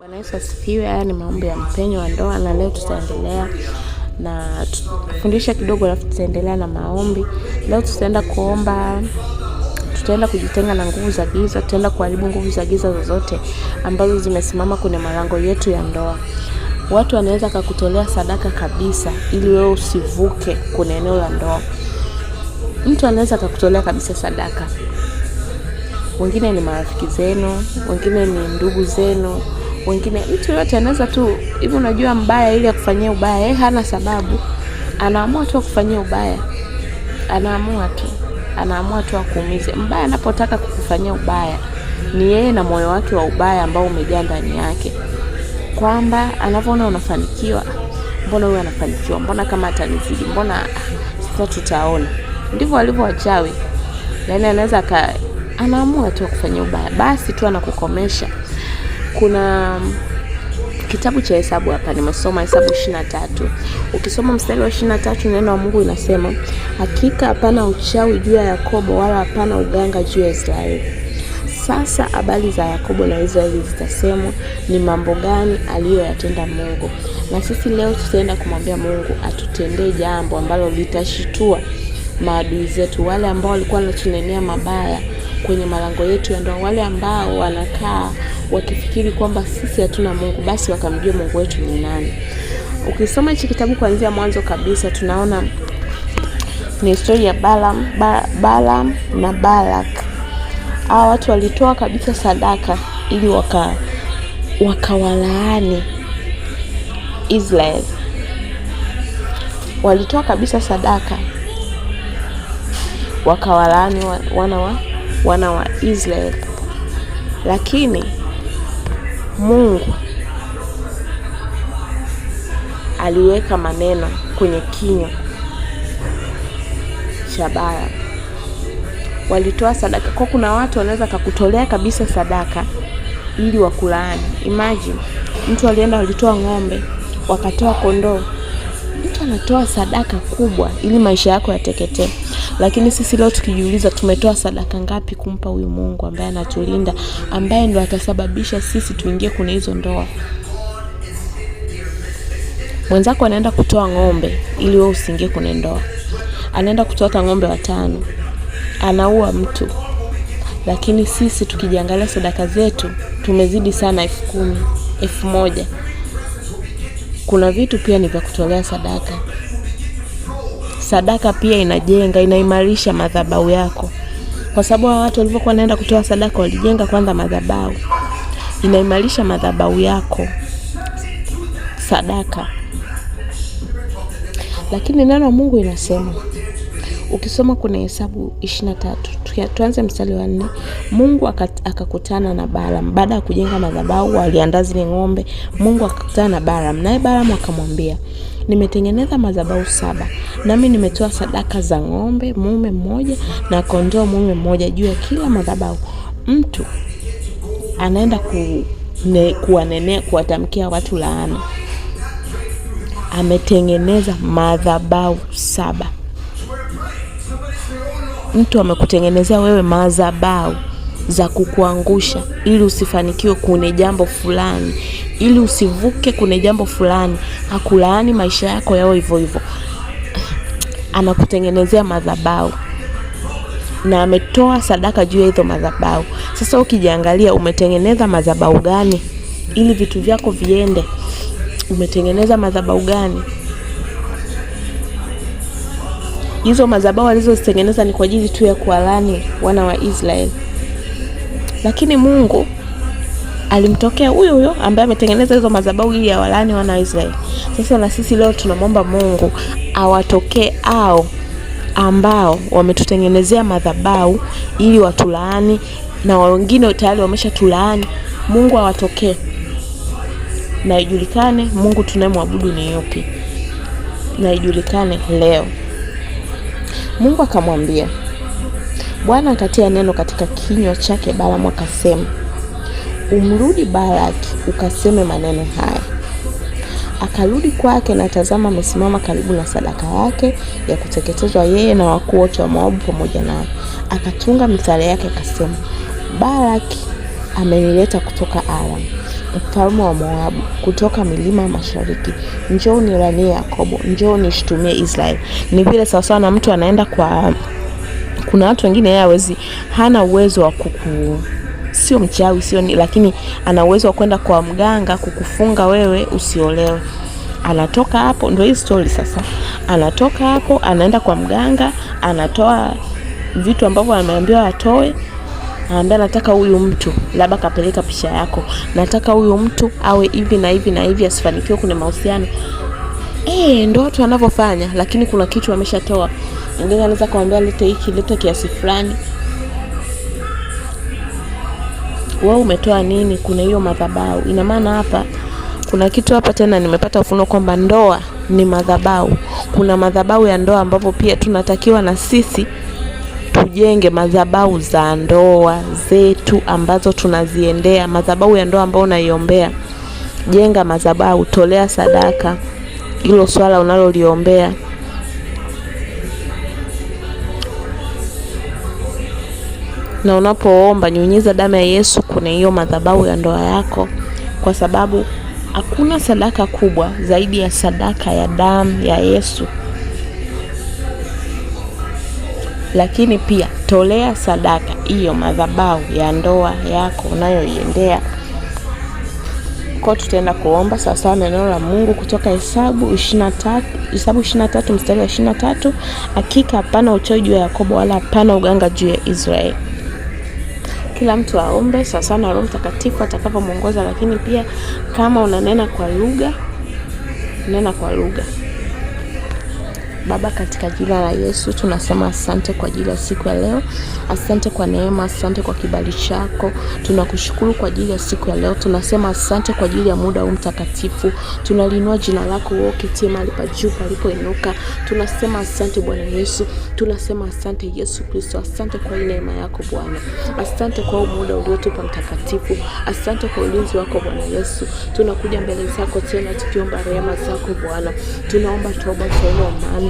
Bwana Yesu asifiwe. Haya ni maombi ya mpenyo wa ndoa, na leo tutaendelea na tufundisha kidogo, alafu tutaendelea na maombi. Leo tutaenda kuomba, tutaenda kujitenga na nguvu za giza, tutaenda kuharibu nguvu za giza zozote ambazo zimesimama kwenye malango yetu ya ndoa. Watu wanaweza kakutolea sadaka kabisa ili wewe usivuke kwenye eneo la ndoa. Mtu anaweza kakutolea kabisa sadaka, wengine ni marafiki zenu, wengine ni ndugu zenu wengine. Mtu yote anaweza tu hivi, unajua mbaya ili akufanyia ubaya, yeye hana sababu, anaamua tu akufanyia ubaya, anaamua tu anaamua tu akuumize. Mbaya anapotaka kukufanyia ubaya ni yeye na moyo wake wa ubaya ambao umejaa ndani yake, kwamba anavyoona unafanikiwa, mbona huyu anafanikiwa, mbona kama atanizidi, mbona ah, sasa tutaona. Ndivyo alivyo wachawi, yaani anaweza anaamua tu kufanya ubaya, basi tu anakukomesha kuna kitabu cha Hesabu hapa nimesoma Hesabu ishirini na tatu. Ukisoma mstari wa ishirini na tatu neno la Mungu inasema hakika hapana uchawi juu ya Yakobo wala hapana uganga juu ya Israeli. Sasa habari za Yakobo na Israeli zitasemwa, ni mambo gani aliyoyatenda Mungu? Na sisi leo tutaenda kumwambia Mungu atutendee jambo ambalo litashitua maadui zetu, wale ambao walikuwa wanatunenea mabaya kwenye malango yetu ya ndoa. Wale ambao wanakaa wakifikiri kwamba sisi hatuna Mungu, basi wakamjue Mungu wetu ni nani. Ukisoma hichi kitabu kuanzia mwanzo kabisa, tunaona ni historia ya Balaam, ba, Balaam na Balak. Hawa watu walitoa kabisa sadaka ili waka wakawalaani Israel, walitoa kabisa sadaka wakawalaani wana wa wana wa Israeli, lakini Mungu aliweka maneno kwenye kinywa cha Bara. Walitoa sadaka kwa, kuna watu wanaweza kakutolea kabisa sadaka ili wakulaani. Imagine mtu alienda, walitoa ng'ombe, wakatoa kondoo anatoa sadaka kubwa ili maisha yako yateketee. Lakini sisi leo tukijiuliza, tumetoa sadaka ngapi kumpa huyu Mungu ambaye anatulinda, ambaye ndo atasababisha sisi tuingie kwenye hizo ndoa? Mwenzako anaenda kutoa ng'ombe ili wewe usiingie kwenye ndoa, anaenda kutoa hata ng'ombe watano, anaua mtu. Lakini sisi tukijiangalia sadaka zetu tumezidi sana elfu kumi elfu moja kuna vitu pia ni vya kutolea sadaka. Sadaka pia inajenga, inaimarisha madhabahu yako, kwa sababu hawa watu walivyokuwa naenda kutoa sadaka walijenga kwanza madhabahu, inaimarisha madhabahu yako sadaka. Lakini neno Mungu inasema Ukisoma kuna Hesabu 23 tatu, tuanze mstari wa nne. Mungu akakutana na Balaam baada ya kujenga madhabahu, aliandaa zile ng'ombe. Mungu akakutana na Balaam, naye Balaam akamwambia nimetengeneza madhabahu saba, nami nimetoa sadaka za ng'ombe mume mmoja na kondoo mume mmoja juu ya kila madhabahu. Mtu anaenda ku, kuwanenea kuwatamkia watu laana. Ametengeneza madhabahu saba mtu amekutengenezea wewe madhabahu za kukuangusha ili usifanikiwe kune jambo fulani, ili usivuke kune jambo fulani. Hakulaani maisha yako yao hivyo hivyo, anakutengenezea madhabahu na ametoa sadaka juu ya hizo madhabahu. Sasa ukijiangalia, umetengeneza madhabahu gani ili vitu vyako viende? Umetengeneza madhabahu gani? hizo madhabahu alizozitengeneza ni kwa ajili tu ya kuwalani wana wa Israeli, lakini Mungu alimtokea huyo huyo ambaye ametengeneza hizo madhabahu ili awalani wana wa Israeli. Sasa na sisi leo tunamwomba Mungu awatokee ao ambao wametutengenezea madhabahu ili watulaani na wengine tayari wameshatulaani. Mungu awatokee na ijulikane Mungu tunayemwabudu ni yupi, na ijulikane leo. Mungu akamwambia, Bwana akatia neno katika kinywa chake Balaamu akasema, umrudi Balaki ukaseme maneno haya. Akarudi kwake na tazama, amesimama karibu na sadaka yake ya kuteketezwa, yeye na wakuu wote wa Moabu pamoja naye. Akatunga mithali yake akasema, Balaki amenileta kutoka Aram mfalme wa Moabu kutoka milima mashariki, njoo ni rani Yakobo, njoo nishtumie Israeli. Ni vile sawasawa na mtu anaenda kwa, kuna watu wengine yeye hawezi, hana uwezo wa kuku sio mchawi sio, lakini ana uwezo wa kwenda kwa mganga kukufunga wewe usiolewe. Anatoka hapo, ndio hii story sasa. Anatoka hapo anaenda kwa mganga, anatoa vitu ambavyo ameambiwa atoe anaambia nataka huyu mtu labda kapeleka picha yako, nataka huyu mtu awe hivi na hivi na hivi, asifanikiwe kwenye mahusiano eh, ndo watu wanavyofanya, lakini kuna kitu ameshatoa. Mwingine anaweza kuambia lete hiki, lete kiasi fulani. Wewe umetoa nini? Kuna hiyo madhabahu, ina maana hapa kuna kitu hapa tena nimepata ufunuo kwamba ndoa ni madhabahu. Kuna madhabahu ya ndoa ambapo pia tunatakiwa na sisi tujenge madhabahu za ndoa zetu ambazo tunaziendea, madhabahu ya ndoa ambayo unaiombea, jenga madhabahu, tolea sadaka hilo swala unaloliombea. Na unapoomba nyunyiza damu ya Yesu kwenye hiyo madhabahu ya ndoa yako, kwa sababu hakuna sadaka kubwa zaidi ya sadaka ya damu ya Yesu lakini pia tolea sadaka hiyo madhabahu ya ndoa yako unayoiendea ko tutaenda kuomba sawasawa na neno la Mungu kutoka Hesabu 23, Hesabu 23 mstari wa 23, hakika hapana uchawi juu ya Yakobo wala hapana uganga juu ya Israeli. Kila mtu aombe sawasawa na Roho Mtakatifu atakapomwongoza, lakini pia kama unanena kwa lugha, nena kwa lugha. Baba, katika jina la Yesu tunasema asante kwa ajili ya siku ya leo. Asante kwa neema, asante kwa kibali chako. Tunakushukuru kwa ajili ya siku ya leo. Tunasema asante kwa ajili ya muda huu mtakatifu. Tunalinua jina lako wewe ukitie mahali pa juu palipoinuka. Tunasema asante Bwana Yesu. Tunasema asante Yesu Kristo. Asante kwa ile neema yako Bwana. Asante kwa muda uliotupa mtakatifu. Asante kwa ulinzi wako Bwana Yesu. Tunakuja mbele zako tena tukiomba rehema zako Bwana. Tunaomba toba, tunaomba amani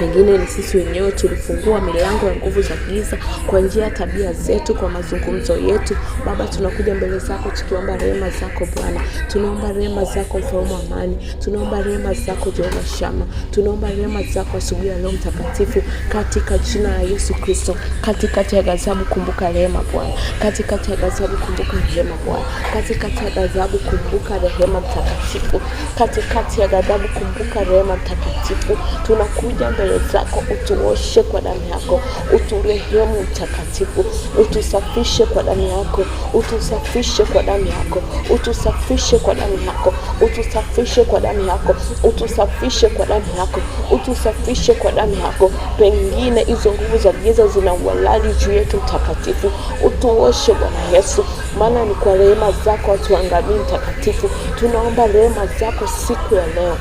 Pengine ni sisi wenyewe tulifungua milango ya nguvu za giza kwa njia ya tabia zetu, kwa mazungumzo yetu. Baba, tunakuja mbele zako tukiomba rehema zako Bwana, tunaomba rehema zako mfalme wa amani, tunaomba rehema zako Jehova Shama, tunaomba rehema zako asubuhi ya leo Mtakatifu, katika jina la Yesu Kristo. Katikati ya ghadhabu kumbuka rehema Bwana, katikati ya ghadhabu kumbuka rehema Bwana, katikati ya ghadhabu kumbuka rehema Mtakatifu, katikati ya ghadhabu kumbuka rehema Mtakatifu, tunakuja mbele nywele zako, utuoshe kwa damu yako, uturehemu mtakatifu, utusafishe kwa damu yako, utusafishe kwa damu yako, utusafishe kwa damu yako, utusafishe kwa damu yako, utusafishe kwa damu yako, utusafishe kwa damu yako. Pengine hizo nguvu za giza zina uhalali juu yetu, mtakatifu, utuoshe Bwana Yesu, maana ni kwa rehema zako hatuangamii, mtakatifu. Tunaomba rehema zako siku ya leo.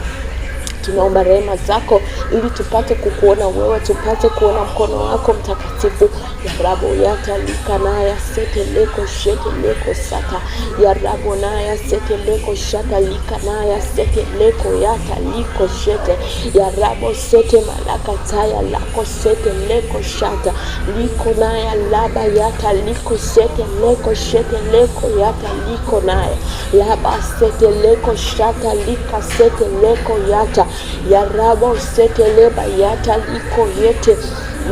Tunaomba rehema zako ili tupate kukuona wewe, tupate kuona mkono wako mtakatifu. yarabo yatalikana seteleko sheteleko sata yarabo naya seteleko shata likanaya seteleko yataliko shete yarabo sete malaka taya lako seteleko shata liko naya laba yataliko seteleko sheteleko yataliko naya laba seteleko shata lika seteleko yata yarabo seteleba yataliko yete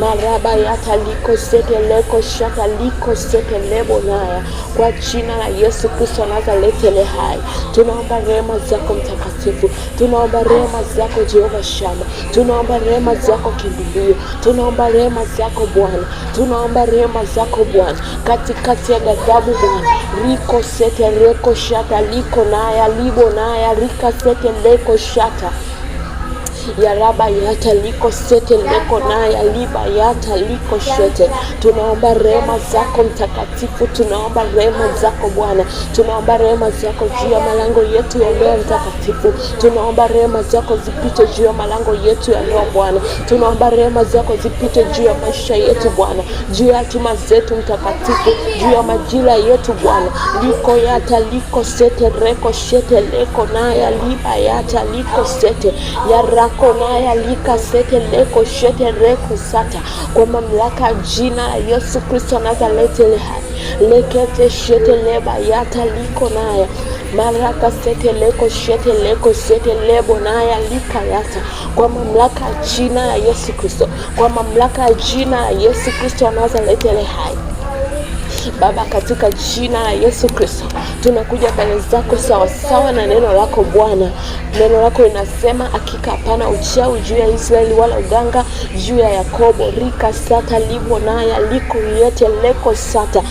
maraba yataliko seteleko shataliko setelebo naya kwa jina la Yesu Kristo nazaletele hai, tunaomba rehema zako mtakatifu, tunaomba rehema zako Jehova Shama, tunaomba rehema zako kimbilio, tunaomba rehema zako Bwana, tunaomba rehema zako Bwana katikati ya ghadhabu Bwana riko sete shata liko naya libo naya rika sete leko shata ya raba yata liko sete leko na ya liba yata liko shete. Tunaomba rehema zako mtakatifu, tunaomba rehema zako Bwana, tunaomba rehema zako juu ya malango yetu ya ndoa mtakatifu, tunaomba rehema zako zipite juu ya malango yetu ya ndoa Bwana, tunaomba rehema zako zipite juu ya maisha yetu Bwana, juu ya hatuma zetu mtakatifu, juu ya majira yetu Bwana, liko yata liko sete reko shete leko na ya liba yata liko sete yara konaya lika seke leko sheke reko sata kwa mamlaka jina la Yesu Kristo Nazareti lehai lekete shete leba yata liko naya maraka sete leko shete leko sete lebo naya lika yata kwa mamlaka ya jina la Yesu Kristo, kwa mamlaka jina la Yesu Kristo Nazareti lehai Baba, katika jina la Yesu Kristo tunakuja mbele zako sawasawa na neno lako Bwana. Neno lako linasema hakika hapana uchawi juu ya Israeli wala uganga juu ya Yakobo rika sata libo naya liko yote leko sata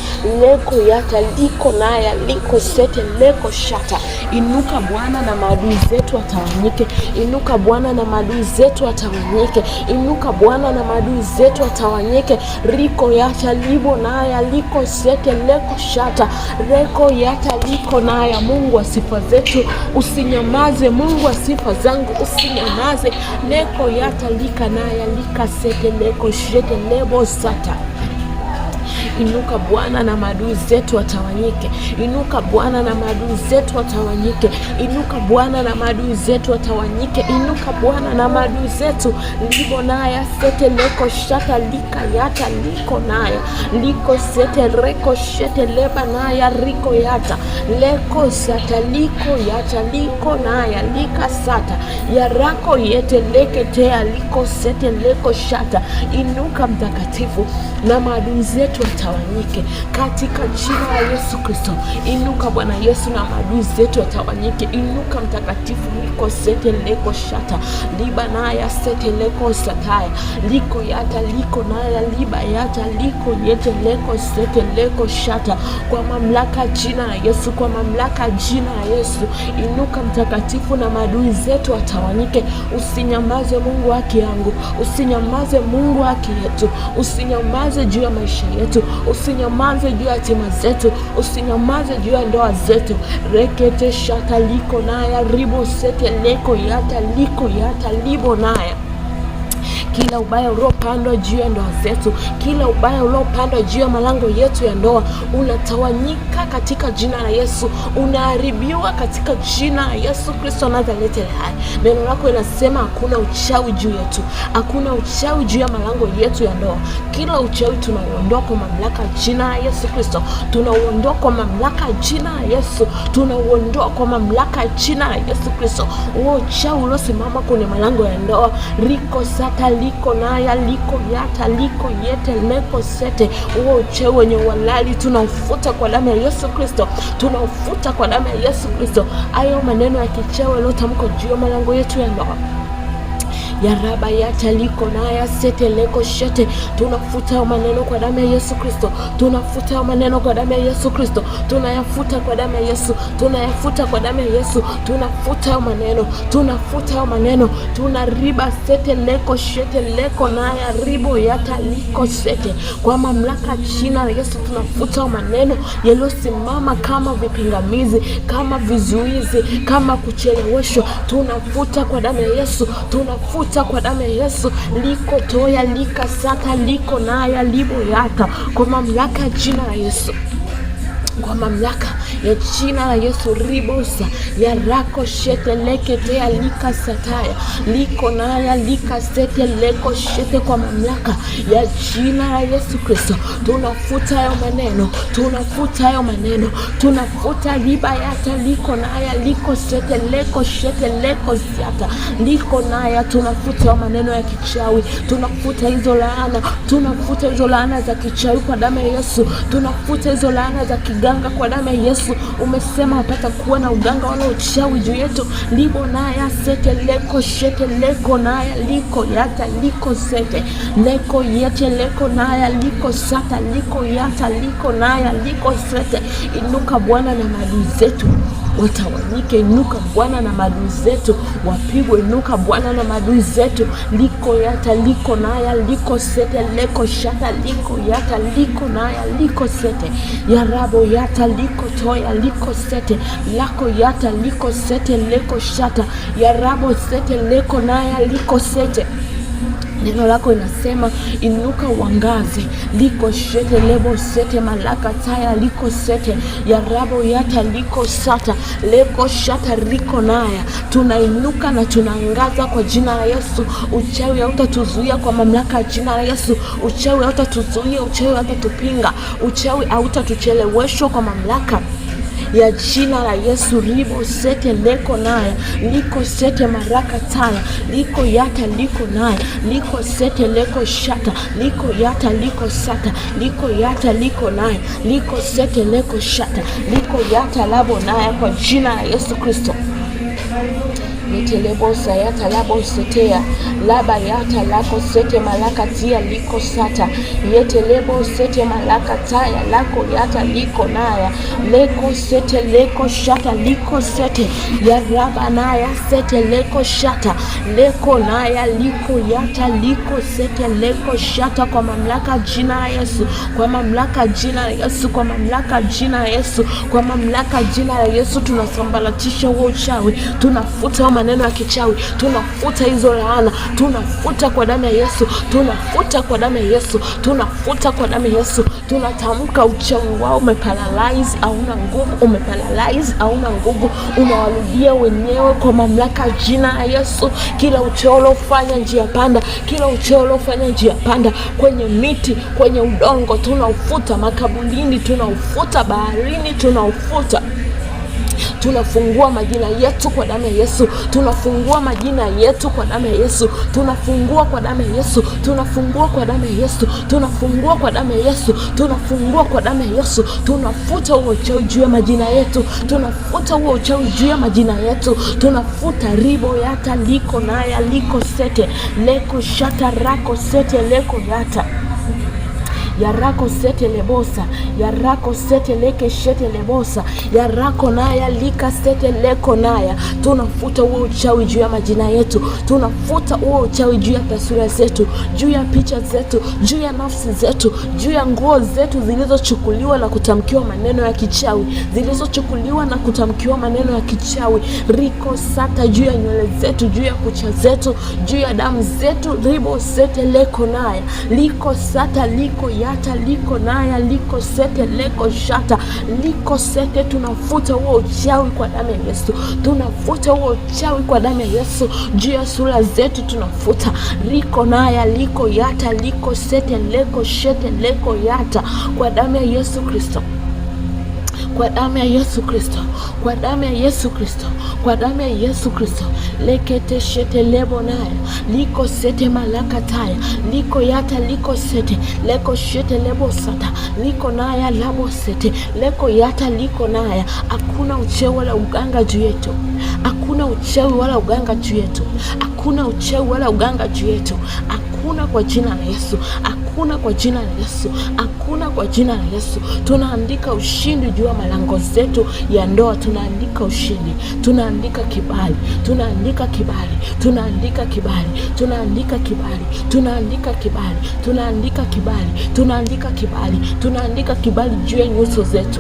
leko yata liko naya liko sete leko shata. Inuka Bwana na maadui zetu watawanyike. Inuka Bwana na maadui zetu watawanyike. Inuka Bwana na maadui zetu watawanyike. riko yata libo naya liko seta yake leko shata reko yata liko naya. Mungu wa sifa zetu usinyamaze, Mungu wa sifa zangu usinyamaze, neko yata lika naya lika seke leko shete lebo sata Inuka Bwana na maadui zetu watawanyike. Inuka Bwana na maadui zetu watawanyike. Inuka Bwana na maadui zetu watawanyike. Inuka Bwana na maadui zetu libo naya sete leko shata lika yata liko naya liko sete reko shete leba naya riko yata leko sata liko yata liko naya lika sata yarako yete leke tea liko sete leko shata. Inuka mtakatifu na maadui zetu watawanyike yatawanyike katika jina la Yesu Kristo. Inuka Bwana Yesu na maadui zetu yatawanyike. Inuka Mtakatifu, niko sete leko shata liba naya sete leko sataya liko yata liko naya liba yata liko yete leko sete leko shata, kwa mamlaka jina la Yesu, kwa mamlaka jina la Yesu, inuka Mtakatifu na maadui zetu yatawanyike. Usinyamaze Mungu haki yangu, usinyamaze Mungu haki yetu, usinyamaze juu ya maisha yetu usinyamaze juu ya hatima zetu, usinyamaze juu ya ndoa zetu. rekete shata liko naya ribo sete leko yata liko yata libo naya kila ubaya uliopandwa juu ya ndoa zetu, kila ubaya uliopandwa juu ya malango yetu ya ndoa unatawanyika katika jina la Yesu, unaharibiwa katika jina la Yesu Kristo Nazareti hai. Neno lako inasema hakuna uchawi juu yetu, hakuna uchawi juu ya malango yetu ya ndoa. Kila uchawi tunauondoa kwa mamlaka jina la Yesu Kristo, tunauondoa kwa mamlaka jina la Yesu, tunauondoa kwa mamlaka jina la Yesu Kristo. Uo uchawi uliosimama kwenye malango ya ndoa riko satali liko naya liko yata liko yete leko sete. Huo uche wenye walali tunaufuta kwa damu ya Yesu Kristo, tunaufuta kwa damu ya Yesu Kristo. Hayo maneno ya kichawi yaliyotamkwa juu ya malango yetu ya ndoa ya ya raba taliko na ya sete leko shete. Tunafuta maneno kwa damu ya Yesu Kristo, tunafuta maneno kwa damu ya Yesu Kristo, tunayafuta kwa damu ya Yesu, tunayafuta kwa damu ya Yesu, tunafuta maneno, tunafuta maneno, tunariba sete leko shete leko na ya ribo ya taliko shete, Kwa mamlaka jina la Yesu tunafuta maneno yaliyosimama kama vipingamizi, kama vizuizi, kama kucheleweshwa, tunafuta kwa damu ya Yesu, tunafuta mafuta kwa damu ya Yesu liko toya likasata liko naya libo yata kwa mamlaka ya jina la Yesu kwa mamlaka ya jina la Yesu ribosa ya rako shete leke tea lika sataya liko naya lika sete leko shete. Kwa mamlaka ya jina la Yesu Kristo tunafuta hayo maneno, tunafuta hayo maneno, tunafuta riba yata liko naya liko sete leko shete leko siata liko naya. Tunafuta hayo maneno ya kichawi, tunafuta hizo laana, tunafuta hizo laana za kichawi kwa damu ya Yesu, tunafuta hizo laana za kiga uganga kwa damu ya Yesu. Umesema upata kuwa na uganga wala uchawi juu yetu. libo naya sete leko shete leko naya liko yata liko sete leko yete leko naya liko sata liko yata liko naya liko sete. Inuka Bwana na maadui zetu watawanyike nuka Bwana na maadui zetu, wapigwe nuka Bwana na maadui zetu. liko yata liko naya liko sete leko shata liko yata liko naya liko sete yarabo yata liko toya liko sete lako yata liko sete leko shata yarabo sete leko naya liko sete Neno lako inasema inuka uangaze, liko shete lebo sete malaka taya liko sete ya rabo yata liko sata leko shata riko naya. Tunainuka na tunaangaza kwa jina la Yesu. Uchawi hautatuzuia kwa mamlaka ya jina la Yesu. Uchawi hautatuzuia, uchawi hautatupinga, uchawi hautatucheleweshwa kwa mamlaka ya jina la Yesu ribo sete leko naye liko sete maraka taya liko yata liko naye liko sete leko shata liko yata liko sata liko yata liko naye liko sete leko shata liko yata labo naye kwa jina la Yesu Kristo litelebosa yata labo setea laba yata lako sete malaka tia liko sata yetelebo sete malaka taya lako yata liko naya leko sete leko shata liko sete ya raba naya sete leko shata leko naya liko yata liko sete leko shata kwa mamlaka jina Yesu kwa mamlaka jina Yesu kwa mamlaka jina Yesu kwa mamlaka jina la Yesu tunasambalatisha uchawi tunafuta maneno ya kichawi, tunafuta hizo laana, tunafuta kwa damu ya Yesu, tunafuta kwa damu ya Yesu, tunafuta kwa damu ya Yesu. Tunatamka uchawi wao umeparalyze, hauna nguvu, umeparalyze, hauna nguvu, unawarudia wenyewe kwa mamlaka jina ya Yesu. Kila uchawi uliofanya njia panda, kila uchawi uliofanya njia panda kwenye miti, kwenye udongo, tunaufuta makaburini, tunaufuta baharini, tunaufuta tunafungua majina yetu kwa damu ya Yesu, tunafungua majina yetu kwa damu ya Yesu, tunafungua kwa damu ya Yesu, tunafungua kwa damu ya Yesu, tunafungua kwa damu ya Yesu, tunafungua kwa damu ya Yesu. Tunafuta huo uchawi juu ya majina yetu, tunafuta huo uchawi juu ya majina yetu, tunafuta ribo yata liko naya liko sete leko shata rako sete leko yata yarako sete lebosa yarako sete leke shete lebosa yarako naya lika sete leko naya. Tunafuta huo uchawi juu ya majina yetu, tunafuta huo uchawi juu ya taswira zetu, juu ya picha zetu, juu ya nafsi zetu, juu ya nguo zetu zilizochukuliwa na kutamkiwa maneno ya kichawi, zilizochukuliwa na kutamkiwa maneno ya kichawi riko sata, juu ya nywele zetu, juu ya kucha zetu, juu ya damu zetu, ribo sete leko naya liko sata liko ya yata liko naya liko sete leko shata liko sete. Tunafuta huo uchawi kwa damu ya Yesu, tunafuta huo uchawi kwa damu ya Yesu juu ya sura zetu, tunafuta liko naya liko yata liko sete leko shete leko yata kwa damu ya Yesu Kristo kwa damu ya Yesu Kristo, kwa damu ya Yesu Kristo, kwa damu ya Yesu Kristo. lekete shete lebo naya liko sete malaka taya liko yata liko sete leko shete lebo sata liko naya labo sete leko yata liko naya. Hakuna uchewi wala uganga juu yetu, hakuna uchewi wala uganga juu yetu, hakuna uchewi wala uganga juu yetu hakuna kwa jina la Yesu, hakuna kwa jina la Yesu, hakuna kwa jina la Yesu. Tunaandika ushindi juu ya malango zetu ya ndoa, tunaandika ushindi, tunaandika kibali, tunaandika kibali, tunaandika kibali, tunaandika kibali, tunaandika kibali, tunaandika kibali, tunaandika kibali, tunaandika kibali juu ya nyuso zetu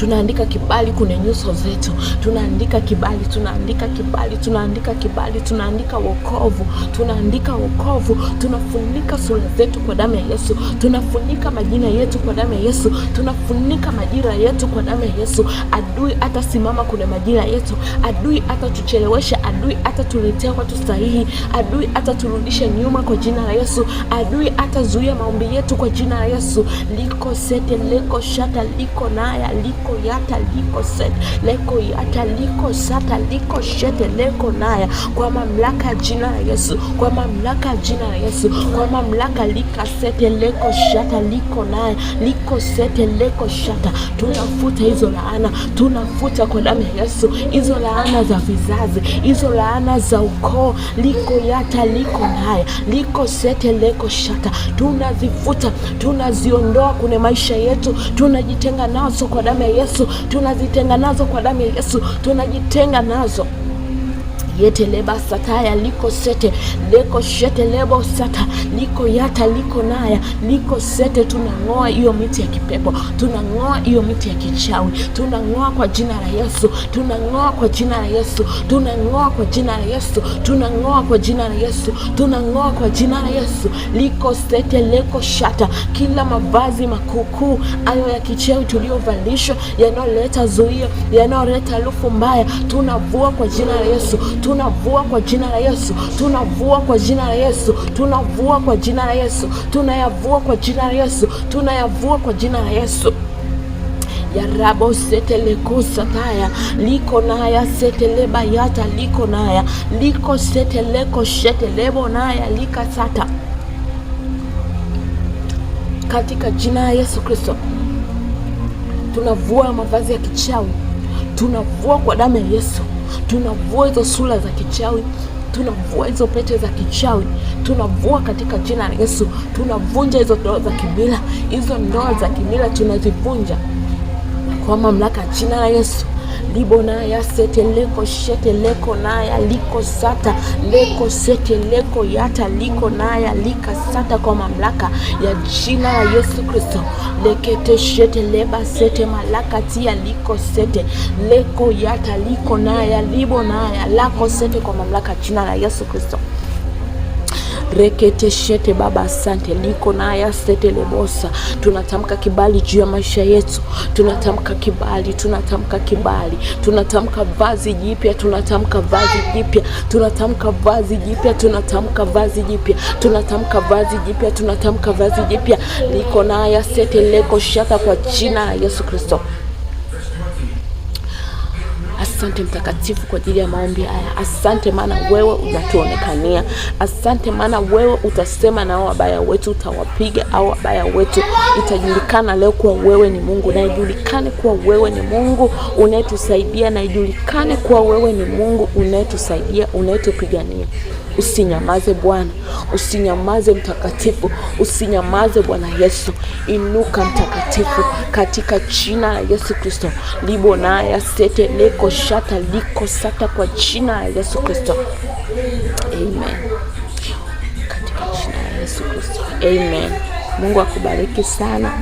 tunaandika kibali kwenye nyuso zetu, tunaandika kibali, tunaandika kibali, tunaandika kibali, tunaandika wokovu, tunaandika wokovu, tunafunika sura zetu kwa damu ya Yesu, tunafunika majina yetu kwa damu ya Yesu, tunafunika majira yetu kwa damu ya Yesu. Adui atasimama kwenye majira yetu, adui atatuchelewesha, adui atatuletea watu sahihi, adui ataturudisha nyuma kwa jina la Yesu, adui atazuia maombi yetu kwa jina la Yesu. liko sete leko shata liko naya liko leko yata liko set leko yata liko sata liko shete leko naya, kwa mamlaka ya jina la Yesu, kwa mamlaka ya jina la Yesu, kwa mamlaka lika sete leko shata liko naya liko sete leko shata. Tunafuta hizo laana, tunafuta kwa damu ya Yesu hizo laana za vizazi, hizo laana za ukoo, liko yata liko naya liko sete leko shata, tunazifuta tunaziondoa kwenye maisha yetu, tunajitenga nazo kwa damu ya Yesu. Yesu, tunazitenga nazo kwa damu ya Yesu, tunajitenga nazo yete leba sataya liko sete leko shete lebo sata liko yata liko naya liko sete. Tunang'oa hiyo miti ya kipepo, tunang'oa hiyo miti ya kichawi, tunang'oa kwa jina la Yesu, tunang'oa kwa jina la Yesu, tunang'oa kwa jina la Yesu, tunang'oa kwa jina la Yesu, tunang'oa kwa jina la Yesu liko sete leko shata. Kila mavazi makukuu ayo ya kichawi tuliyovalishwa yanayoleta zuio yanayoleta harufu mbaya tunavua kwa jina la Yesu tunavua kwa jina la Yesu, tunavua kwa jina la Yesu, tunavua kwa jina la Yesu, tunayavua kwa jina la Yesu, tunayavua kwa jina la Yesu yarabo setelekosataya liko naya seteleba yata liko naya liko seteleko shetelebo naya lika sata katika jina ya Yesu Kristo tunavua mavazi ya kichawi, tunavua kwa damu ya Yesu tunavua hizo sura za kichawi, tunavua hizo pete za kichawi, tunavua katika jina la Yesu. Tunavunja hizo ndoa za kimila, hizo ndoa za kimila tunazivunja kwa mamlaka jina la Yesu libonaya sete leko shete leko naya liko sata leko sete leko yata liko naya lika sata, kwa mamlaka ya jina la Yesu Kristo lekete shete leba sete malaka tia liko sete leko yata liko naya libo lako sete, kwa mamlaka jina la Yesu Kristo reketeshete Baba, asante liko na lebosa Tunatamka kibali juu ya maisha yetu, tunatamka kibali, tunatamka kibali, tunatamka vazi jipya, tunatamka vazi jipya, tunatamka vazi jipya, tunatamka vazi jipya, tunatamka vazi jipya, tunatamka vazi jipya, liko na leko shaka, kwa jina la Yesu Kristo. Asante Mtakatifu kwa ajili ya maombi haya. Asante maana wewe unatuonekania. Asante maana wewe utasema na wabaya wetu, utawapiga au wabaya wetu. Itajulikana leo kuwa wewe ni Mungu, na ijulikane kuwa wewe ni Mungu unayetusaidia, na ijulikane kuwa wewe ni Mungu unayetusaidia, unayetupigania. Usinyamaze Bwana, usinyamaze Mtakatifu, usinyamaze Bwana Yesu. Inuka Mtakatifu mtakatifu katika jina la Yesu Kristo. libonaya sete leko shata liko sata kwa jina la Yesu Kristo. Amen. Katika jina la Yesu Kristo. Amen. Mungu akubariki sana.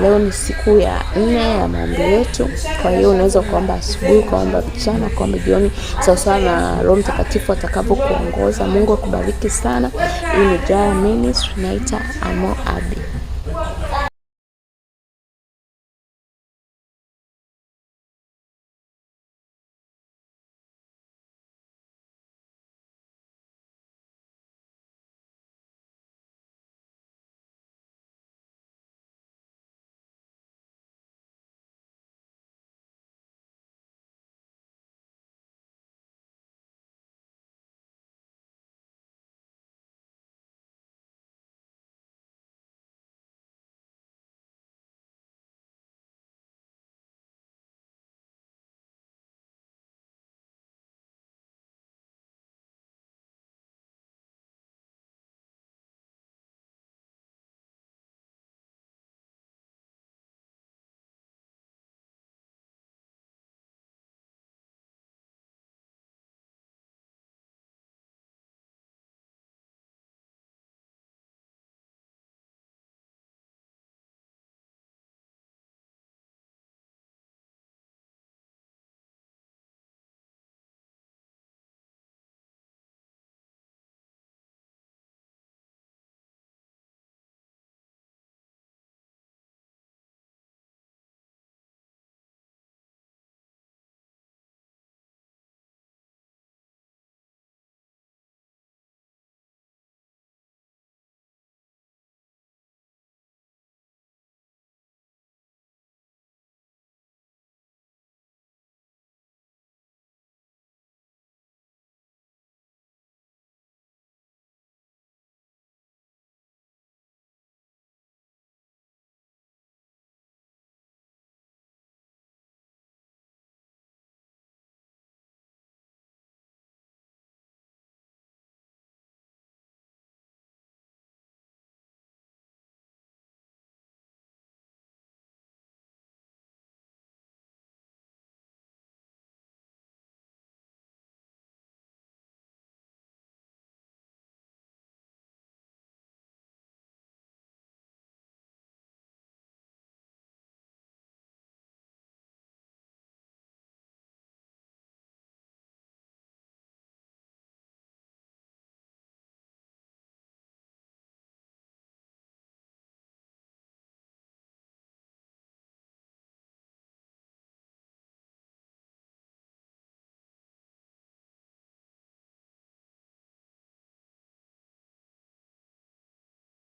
Leo ni siku ya nne ya maombi yetu. Kwa hiyo unaweza ukaomba asubuhi, ukaomba mchana, ukaomba jioni, sawasawa na Roho Mtakatifu atakapokuongoza. Mungu akubariki sana. Hii ni Jaya Ministry, naita Amo Abi.